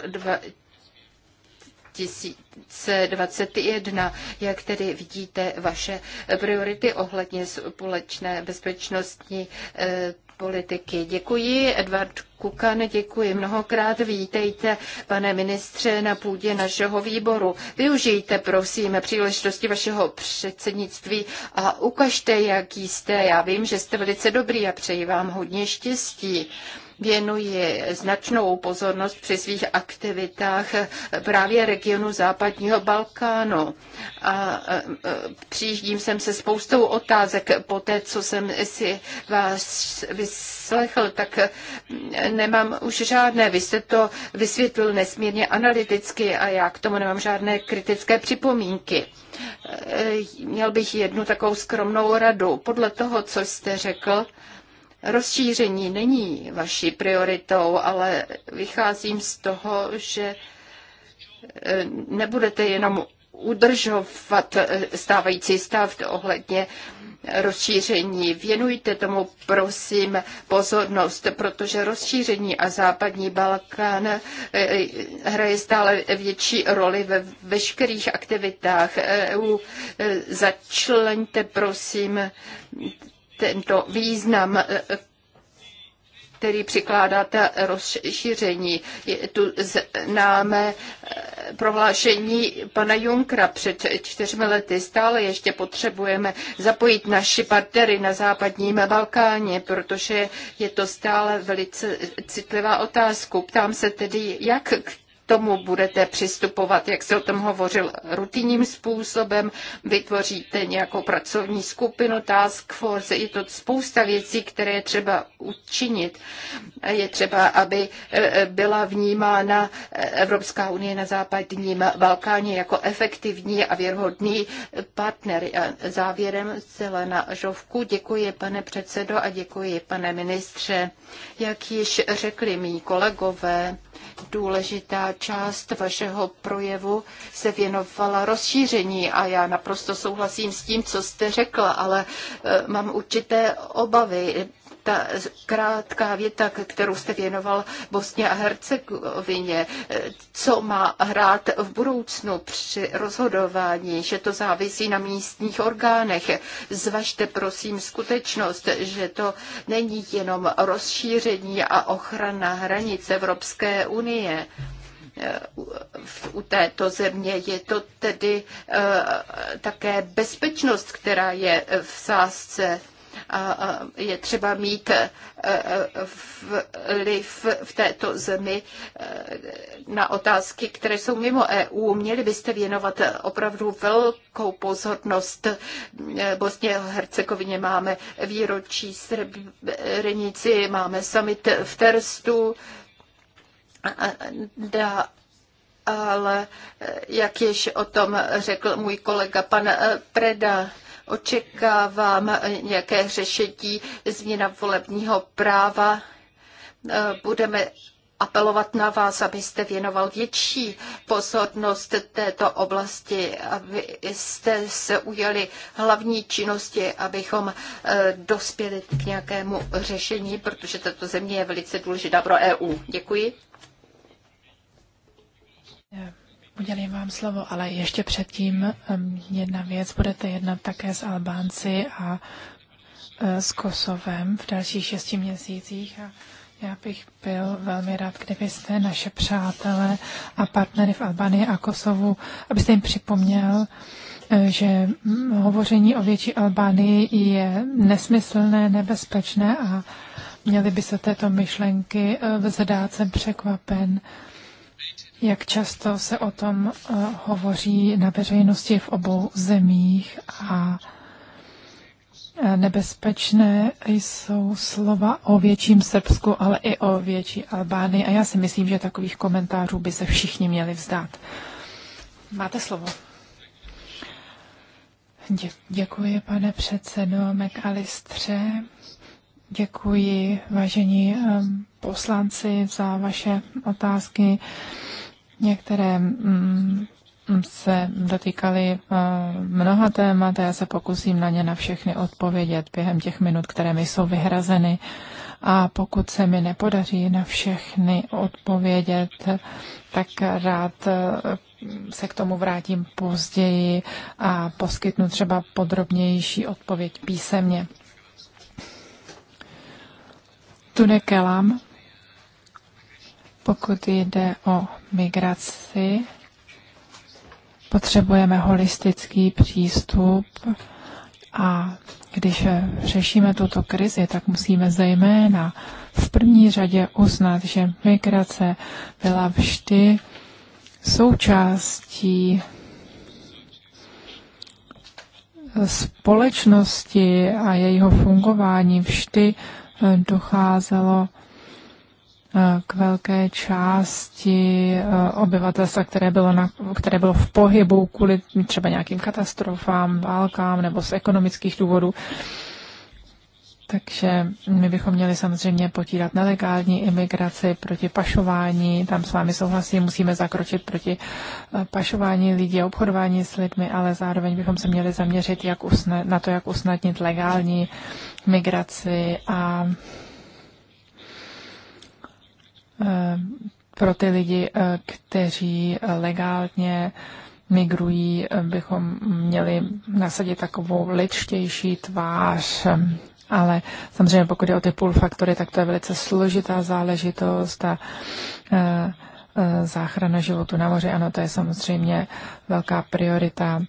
2021. Jak tedy vidíte vaše priority ohledně společné bezpečnostní politiky. Děkuji, Edvard Kukan, děkuji mnohokrát. Vítejte, pane ministře, na půdě našeho výboru. Využijte, prosím, příležitosti vašeho předsednictví a ukažte, jaký jste. Já vím, že jste velice dobrý a přeji vám hodně štěstí věnuji značnou pozornost při svých aktivitách právě regionu západního Balkánu. A e, e, přijíždím sem se spoustou otázek po té, co jsem si vás vyslechl, tak e, nemám už žádné. Vy jste to vysvětlil nesmírně analyticky a já k tomu nemám žádné kritické připomínky. Měl bych jednu takovou skromnou radu. Podle toho, co jste řekl, Rozšíření není vaší prioritou, ale vycházím z toho, že e, nebudete jenom udržovat e, stávající stav ohledně rozšíření. Věnujte tomu, prosím, pozornost, protože rozšíření a západní Balkán e, hraje stále větší roli ve veškerých aktivitách EU. Začleňte, prosím, tento význam, který přikládáte rozšíření. Je tu známe prohlášení pana Junkra před čtyřmi lety. Stále ještě potřebujeme zapojit naši partnery na západním Balkáně, protože je to stále velice citlivá otázka. Ptám se tedy, jak k tomu budete přistupovat, jak se o tom hovořil, rutinním způsobem, vytvoříte nějakou pracovní skupinu, task force, je to spousta věcí, které je třeba učinit. Je třeba, aby e, e, byla vnímána e, Evropská unie na západním Balkáně jako efektivní a věrhodný partner. A závěrem Zelena Žovku, děkuji pane předsedo a děkuji pane ministře. Jak již řekli mý kolegové, důležitá část vašeho projevu se věnovala rozšíření a já naprosto souhlasím s tím, co jste řekla, ale eh, mám určité obavy ta krátká věta, kterou jste věnoval Bosně a Hercegovině, co má hrát v budoucnu při rozhodování, že to závisí na místních orgánech. Zvažte prosím skutečnost, že to není jenom rozšíření a ochrana hranic Evropské unie u této země. Je to tedy eh, také bezpečnost, která je v sázce je třeba mít e, e, vliv v této zemi e, na otázky, které jsou mimo EU. Měli byste věnovat opravdu velkou pozornost Bosně a Hercegovině. Máme výročí Srebrenici, máme summit v Terstu, da, ale jak již o tom řekl můj kolega pan Preda, očekávám nějaké řešení změna volebního práva. Budeme apelovat na vás, abyste věnoval větší pozornost této oblasti, abyste se ujeli hlavní činnosti, abychom eh, dospěli k nějakému řešení, protože tato země je velice důležitá pro EU. Děkuji. Udělím vám slovo, ale ještě předtím jedna věc. Budete jednat také s Albánci a e, s Kosovem v dalších šesti měsících a já bych byl velmi rád, kdybyste naše přátelé a partnery v Albánii a Kosovu, abyste jim připomněl, e, že hovoření o větší Albánii je nesmyslné, nebezpečné a měli by se této myšlenky e, vzdát, jsem překvapen jak často se o tom eh, hovoří na veřejnosti v obou zemích a eh, nebezpečné jsou slova o větším Srbsku, ale i o větší Albánii. A já si myslím, že takových komentářů by se všichni měli vzdát. Máte slovo. Dě- děkuji, pane předsedo McAllistře. Děkuji, vážení eh, poslanci, za vaše otázky. Některé mm, se dotýkaly eh, mnoha témat a já se pokusím na ně na všechny odpovědět během těch minut, které mi jsou vyhrazeny. A pokud se mi nepodaří na všechny odpovědět, tak rád eh, se k tomu vrátím později a poskytnu třeba podrobnější odpověď písemně. Tune Kelam pokud jde o migraci, potřebujeme holistický přístup a když řešíme tuto krizi, tak musíme zejména v první řadě uznat, že migrace byla vždy součástí společnosti a jejího fungování vždy eh, docházelo Eh, k velké části eh, obyvatelstva, které bylo, na, které bylo v pohybu kvůli třeba nějakým katastrofám, válkám nebo z ekonomických důvodů. Takže my bychom měli samozřejmě potírat nelegální imigraci proti pašování, tam s vámi souhlasím, musíme zakročit proti eh, pašování lidí a obchodování s lidmi, ale zároveň bychom se měli zaměřit jak usna- na to, jak usnadnit legální migraci a Eh, pro ty lidi, eh, kteří legálně migrují, eh, bychom měli nasadit takovou lidštější tvář. Ale samozřejmě pokud je o ty půl faktory, tak to je velice složitá záležitost a záchrana životu na moři, ano, to je samozřejmě velká priorita,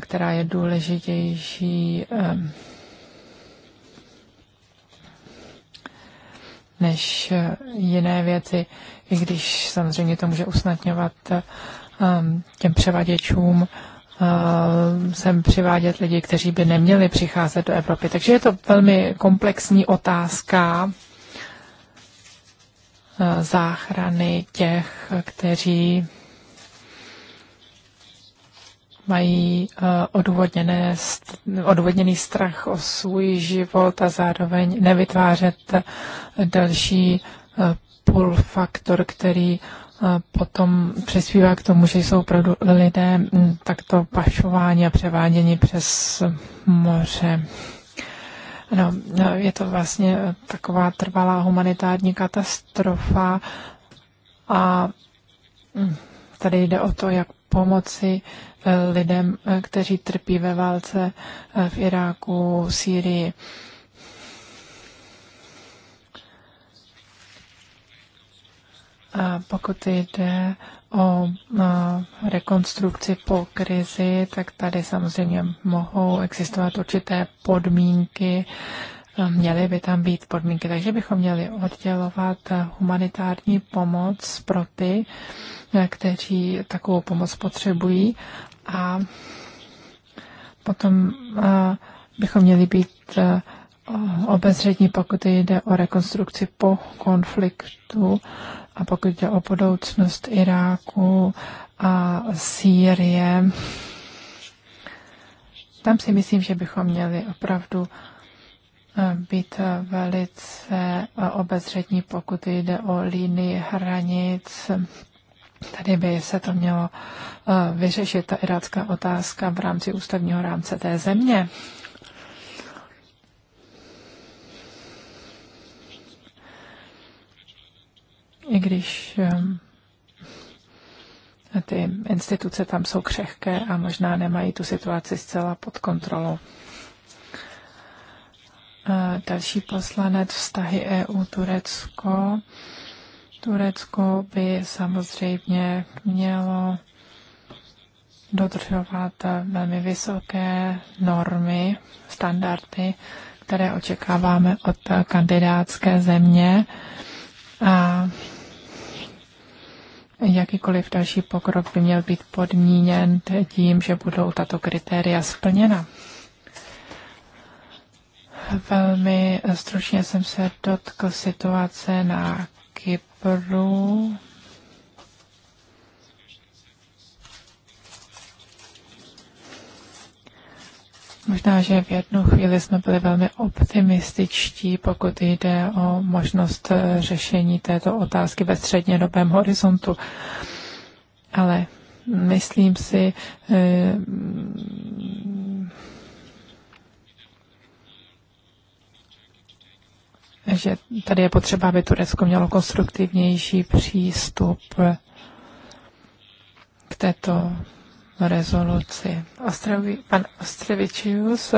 která je důležitější než eh, jiné věci, i když samozřejmě to může usnadňovat ehm, těm převaděčům ehm, sem přivádět lidi, kteří by neměli přicházet do Evropy. Takže je to velmi komplexní otázka eh, záchrany těch, kteří mají eh, odůvodněné, odůvodněný strach o svůj život a zároveň nevytvářet další eh, pull faktor, který eh, potom přispívá k tomu, že jsou opravdu lidé hm, takto pašováni a převáděni přes moře. No, je to vlastně taková trvalá humanitární katastrofa a hm, tady jde o to, jak pomoci eh, lidem, eh, kteří trpí ve válce eh, v Iráku, v Sýrii. A pokud jde o rekonstrukci po krizi, tak tady samozřejmě mohou existovat určité podmínky, Měly by tam být podmínky, takže bychom měli oddělovat humanitární pomoc pro ty, kteří takovou pomoc potřebují a potom eh, bychom měli být eh, obezřední, pokud jde o rekonstrukci po konfliktu a pokud jde o budoucnost Iráku a Sýrie. Tam si myslím, že bychom měli opravdu být velice obezřetní, pokud jde o línii hranic. Tady by se to mělo eh, vyřešit, ta irácká otázka v rámci ústavního rámce té země. I když eh, ty instituce tam jsou křehké a možná nemají tu situaci zcela pod kontrolou. Eh, další poslanec vztahy EU-Turecko. Turecko by samozřejmě mělo dodržovat velmi vysoké normy, standardy, které očekáváme od kandidátské země. A jakýkoliv další pokrok by měl být podmíněn tím, že budou tato kritéria splněna. Velmi stručně jsem se dotkl situace na Kypru. Možná, že v jednu chvíli jsme byli velmi optimističtí, pokud jde o možnost řešení této otázky ve střednědobém horizontu. Ale myslím si, že tady je potřeba, aby Turecko mělo konstruktivnější přístup k této rezoluci. Ostrovi, pan Ostrevičius,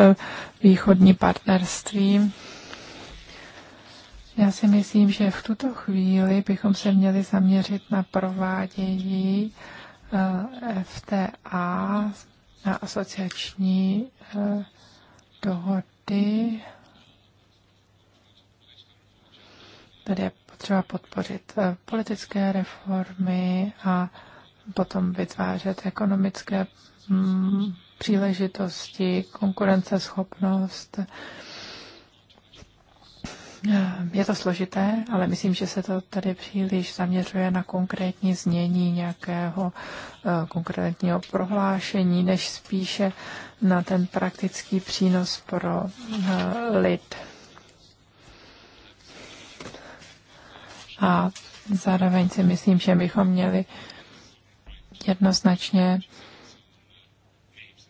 východní partnerství. Já si myslím, že v tuto chvíli bychom se měli zaměřit na provádění eh, FTA na asociační eh, dohody Tady je potřeba podpořit eh, politické reformy a potom vytvářet ekonomické mm, příležitosti, konkurenceschopnost. Eh, je to složité, ale myslím, že se to tady příliš zaměřuje na konkrétní změní nějakého eh, konkrétního prohlášení, než spíše na ten praktický přínos pro lid. a zároveň si myslím, že bychom měli jednoznačně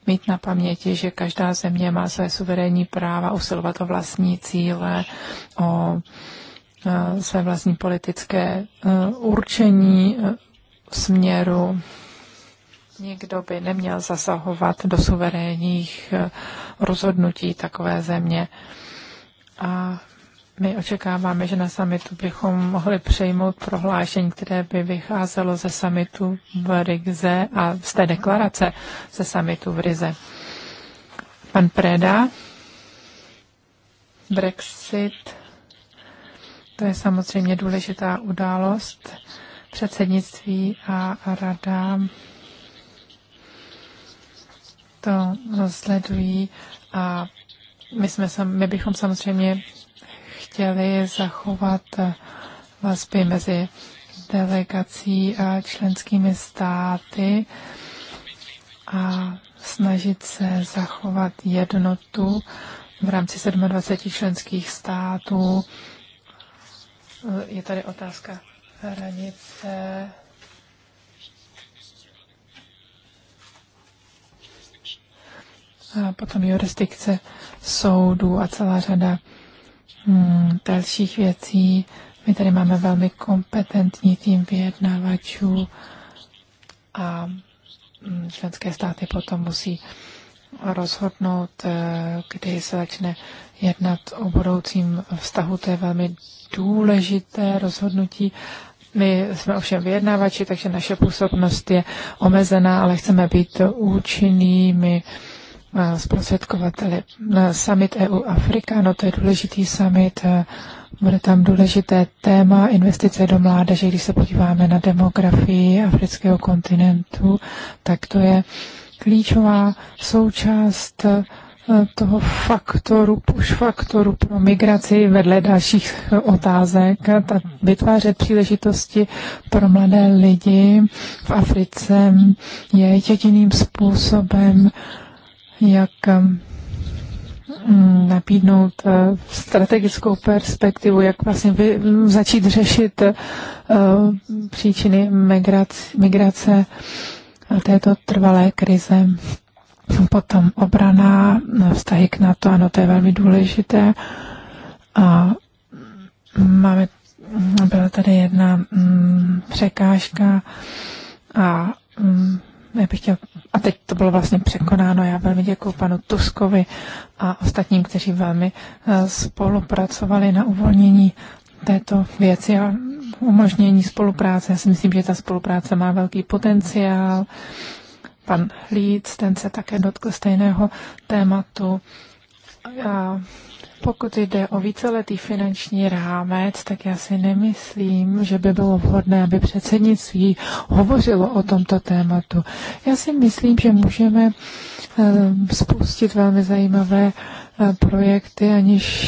mít na paměti, že každá země má své suverénní práva usilovat o vlastní cíle, o e, své vlastní politické e, určení e, směru. Nikdo by neměl zasahovat do suverénních rozhodnutí takové země. A my očekáváme, že na samitu bychom mohli přejmout prohlášení, které by vycházelo ze samitu v Rize a z té deklarace ze samitu v Rize. Pan Preda, Brexit, to je samozřejmě důležitá událost. Předsednictví a rada to sledují a my, jsme, my bychom samozřejmě chtěli zachovat vazby mezi delegací a členskými státy a snažit se zachovat jednotu v rámci 27 členských států. Je tady otázka hranice. A potom jurisdikce soudů a celá řada Hmm, dalších věcí. My tady máme velmi kompetentní tým vyjednavačů a hmm, členské státy potom musí rozhodnout, eh, kdy se začne jednat o budoucím vztahu. To je velmi důležité rozhodnutí. My jsme ovšem vyjednávači, takže naše působnost je omezená, ale chceme být účinní. My Eh, zprostředkovateli. Eh, summit EU Afrika, no to je důležitý summit, eh, bude tam důležité téma investice do mládeže. Když se podíváme na demografii afrického kontinentu, tak to je klíčová součást toho faktoru, už faktoru pro migraci vedle dalších otázek, ta vytvářet příležitosti pro mladé lidi v Africe je jediným způsobem, jak um, mm, nabídnout uh, strategickou perspektivu, jak vlastně vy, začít řešit uh, příčiny migrace, migrace této trvalé krize. Potom obrana, no, vztahy k NATO, ano, to je velmi důležité. A mm, máme, mm, byla tady jedna překážka a já bych chtěl, a teď to bylo vlastně překonáno, já velmi děkuji panu Tuskovi a ostatním, kteří velmi eh, spolupracovali na uvolnění této věci a umožnění spolupráce. Já si myslím, že ta spolupráce má velký potenciál. Pan Líc, ten se také dotkl stejného tématu. A pokud jde o víceletý finanční rámec, tak já si nemyslím, že by bylo vhodné, aby předsednictví hovořilo o tomto tématu. Já si myslím, že můžeme eh, spustit velmi zajímavé eh, projekty, aniž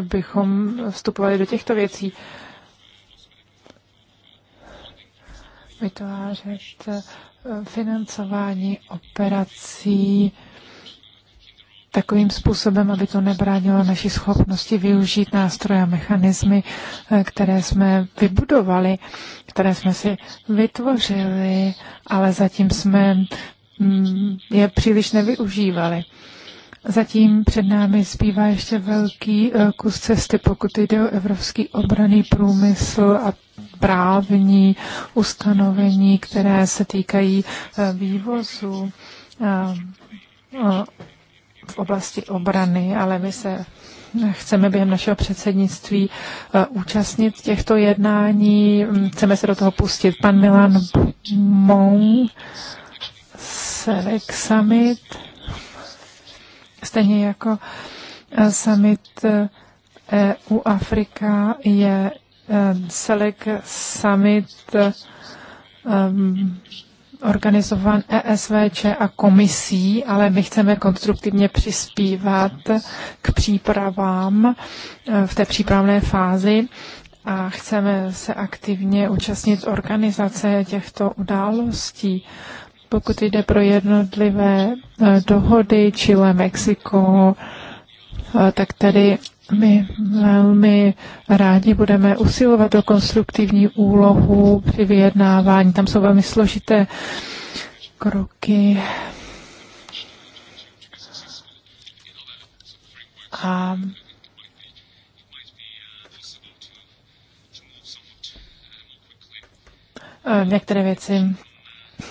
bychom vstupovali do těchto věcí. Vytvářet eh, financování operací, takovým způsobem, aby to nebránilo naší schopnosti využít nástroje a mechanismy, eh, které jsme vybudovali, které jsme si vytvořili, ale zatím jsme mm, je příliš nevyužívali. Zatím před námi zbývá ještě velký eh, kus cesty, pokud jde o evropský obraný průmysl a právní ustanovení, které se týkají eh, vývozu v oblasti obrany, ale my se chceme během našeho předsednictví eh, účastnit těchto jednání, mm, chceme se do toho pustit. Pan Milan Mong, Selek Summit, stejně jako eh, summit EU eh, e Afrika je Selek Summit um, organizovan ESVČ a komisí, ale my chceme konstruktivně přispívat k přípravám eh, v té přípravné fázi a chceme se aktivně účastnit organizace těchto událostí. Pokud jde pro jednotlivé eh, dohody Chile, Mexiko, eh, tak tady my velmi rádi budeme usilovat o konstruktivní úlohu při vyjednávání. Tam jsou velmi složité kroky. A některé věci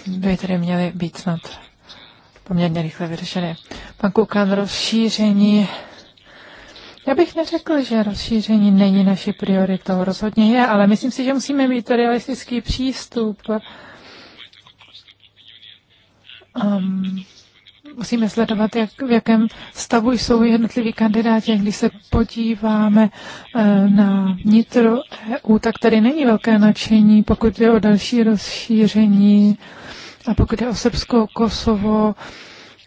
by tedy měly být snad poměrně rychle vyřešeny. Pan Kukan, rozšíření já bych neřekl, že rozšíření není naší prioritou, rozhodně je, ale myslím si, že musíme mít realistický přístup. Um, musíme sledovat, jak, v jakém stavu jsou jednotliví kandidáti. Když se podíváme eh, na nitro EU, tak tady není velké nadšení, pokud je o další rozšíření a pokud je o Srbsko, Kosovo,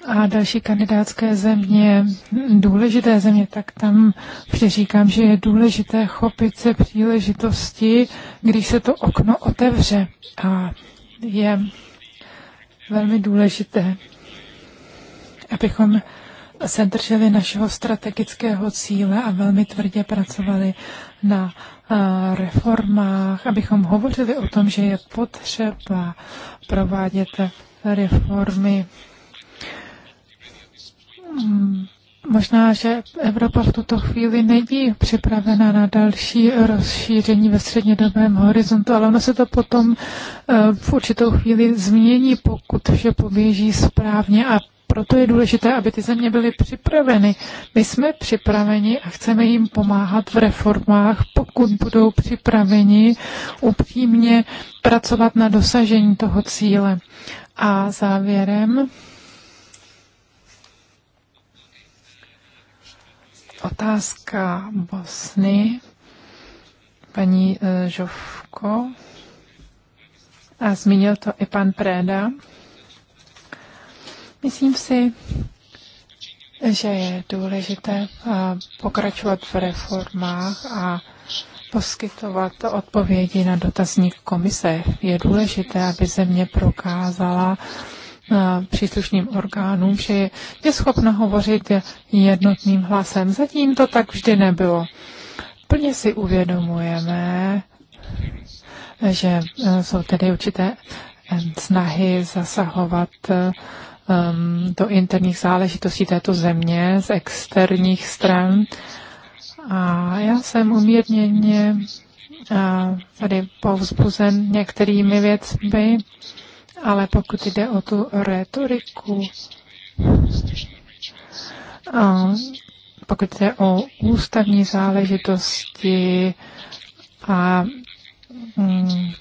a další kandidátské země, důležité země, tak tam přeříkám, že je důležité chopit se příležitosti, když se to okno otevře. A je velmi důležité, abychom se drželi našeho strategického cíle a velmi tvrdě pracovali na reformách, abychom hovořili o tom, že je potřeba provádět reformy Hmm, možná, že Evropa v tuto chvíli není připravena na další rozšíření ve střednědobém horizontu, ale ono se to potom eh, v určitou chvíli změní, pokud vše poběží správně a proto je důležité, aby ty země byly připraveny. My jsme připraveni a chceme jim pomáhat v reformách, pokud budou připraveni upřímně pracovat na dosažení toho cíle. A závěrem Otázka Bosny. Paní eh, Žovko. A zmínil to i pan Préda. Myslím si, že je důležité eh, pokračovat v reformách a poskytovat odpovědi na dotazník komise. Je důležité, aby země prokázala, příslušným orgánům, že je schopna hovořit jednotným hlasem. Zatím to tak vždy nebylo. Plně si uvědomujeme, že e, jsou tedy určité e, snahy zasahovat e, do interních záležitostí této země z externích stran. A já jsem umírněně tady povzbuzen některými věcmi, ale pokud jde o tu retoriku, a pokud jde o ústavní záležitosti a mm,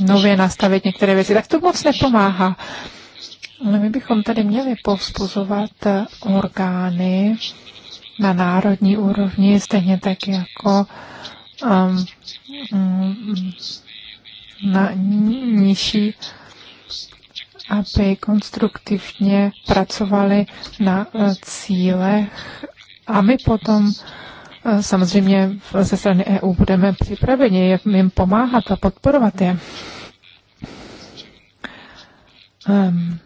nově nastavit některé věci, tak to moc nepomáhá. Ale no, my bychom tady měli povzbuzovat orgány na národní úrovni, stejně tak jako um, um, na nižší aby konstruktivně pracovali na eh, cílech a my potom eh, samozřejmě ze strany EU budeme připraveni, jak jim pomáhat a podporovat je. Ehm.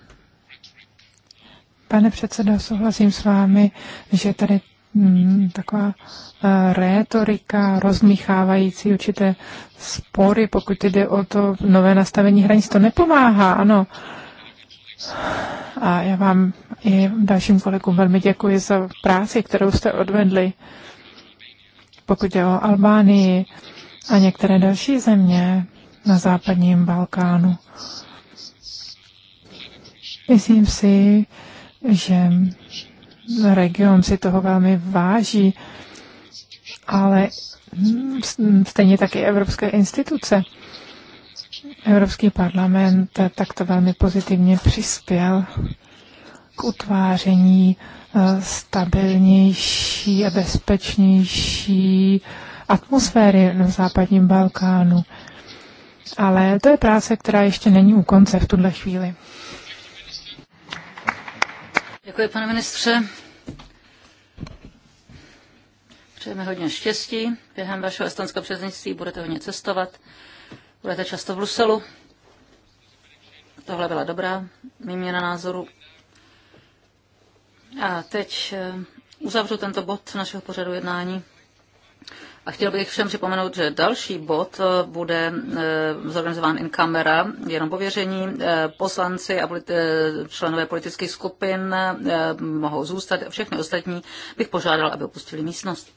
pane předsedo, souhlasím s vámi, že tady mm, taková uh, rétorika rozmíchávající určité spory, pokud jde o to nové nastavení hranic, to nepomáhá. Ano, uh, a já vám i dalším kolegům velmi děkuji za práci, kterou jste odvedli. Pokud je o Albánii a některé další země na západním Balkánu. Myslím si, že region si toho velmi váží, ale stejně taky evropské instituce. Evropský parlament takto velmi pozitivně přispěl k utváření eh, stabilnější a bezpečnější atmosféry na západním Balkánu. Ale to je práce, která ještě není u konce v tuhle chvíli. Děkuji, pane ministře. Přejeme hodně štěstí. Během vašeho estonského předsednictví budete hodně cestovat. Budete často v Bruselu. Tohle byla dobrá výměna názoru. A teď eh, uzavřu tento bod našeho pořadu jednání. A chtěl bych všem připomenout, že další bod eh, bude eh, zorganizován in camera, jenom pověření. Poslanci a členové politických skupin mohou zůstat a všechny ostatní bych požádal, aby opustili místnost.